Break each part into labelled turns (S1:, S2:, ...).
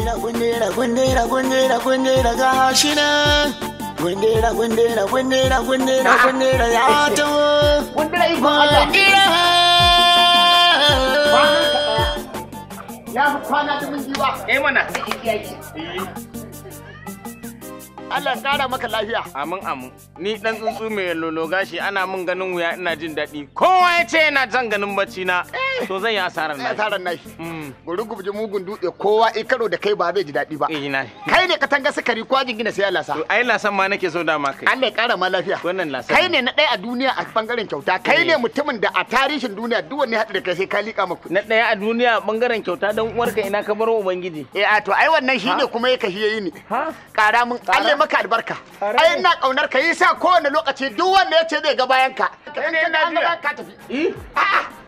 S1: Gundera gundera gundera gundera gundera ga shi nan. Gundera gundera gundera gundera gundera ya taho. Gundera ikon Allah. Ya fi kwana ta minti ba. Eh mana. Eh. Allah tsara maka lafiya. Amin amin. Ni dan tsuntsu mai lolo gashi ana min ganin wuya ina jin daɗi. Kowa ya ce yana jan ganin bacci na. to zai yi asarar nashi asarar nashi gurin hmm. gubji mugun dutse kowa in karo da kai ba zai ji daɗi ba eh, kai ne ka tanga sukari kwajin gina sai lasa ai lasan ma nake so ma kai Allah ya kara ma lafiya wannan lasan kai ne na ɗaya a duniya a bangaren kyauta kai ne eh. mutumin da a tarihin duniya duk wani hadda da kai sai ka liƙa maku. na ɗaya a duniya bangaren kyauta dan uwarka ina ka baro ubangiji eh a to ai wannan shine kuma ya kashi yayi ni kara mun Allah maka albarka ai ina kaunar ka yi sa kowane lokaci duk wanda ya ce zai ga bayan ka kai ne ina ga ka tafi eh a'a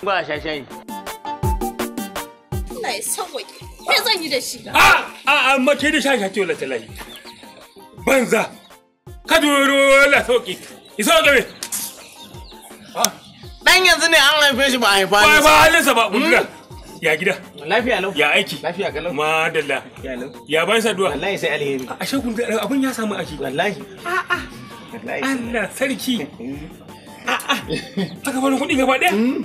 S2: Ba sha shayi. Allah ya sauwaƙe. Me zan yi da shi? A a a mace da wala Banza. Ka la sauki. Isa ga me? Dan yanzu ne an haife shi ba a haifa ne. Ba ba halinsa ba. Hmm? Ya gida. Lafiya lau. Ya aiki. Lafiya kalau. Madalla. Ya lau. Ya bayan saduwa. Wallahi sai alheri. A abun ya samu aiki. Wallahi. A Allah sarki. a'a hmm. a. Aka fara kuɗi gaba ɗaya. Hmm.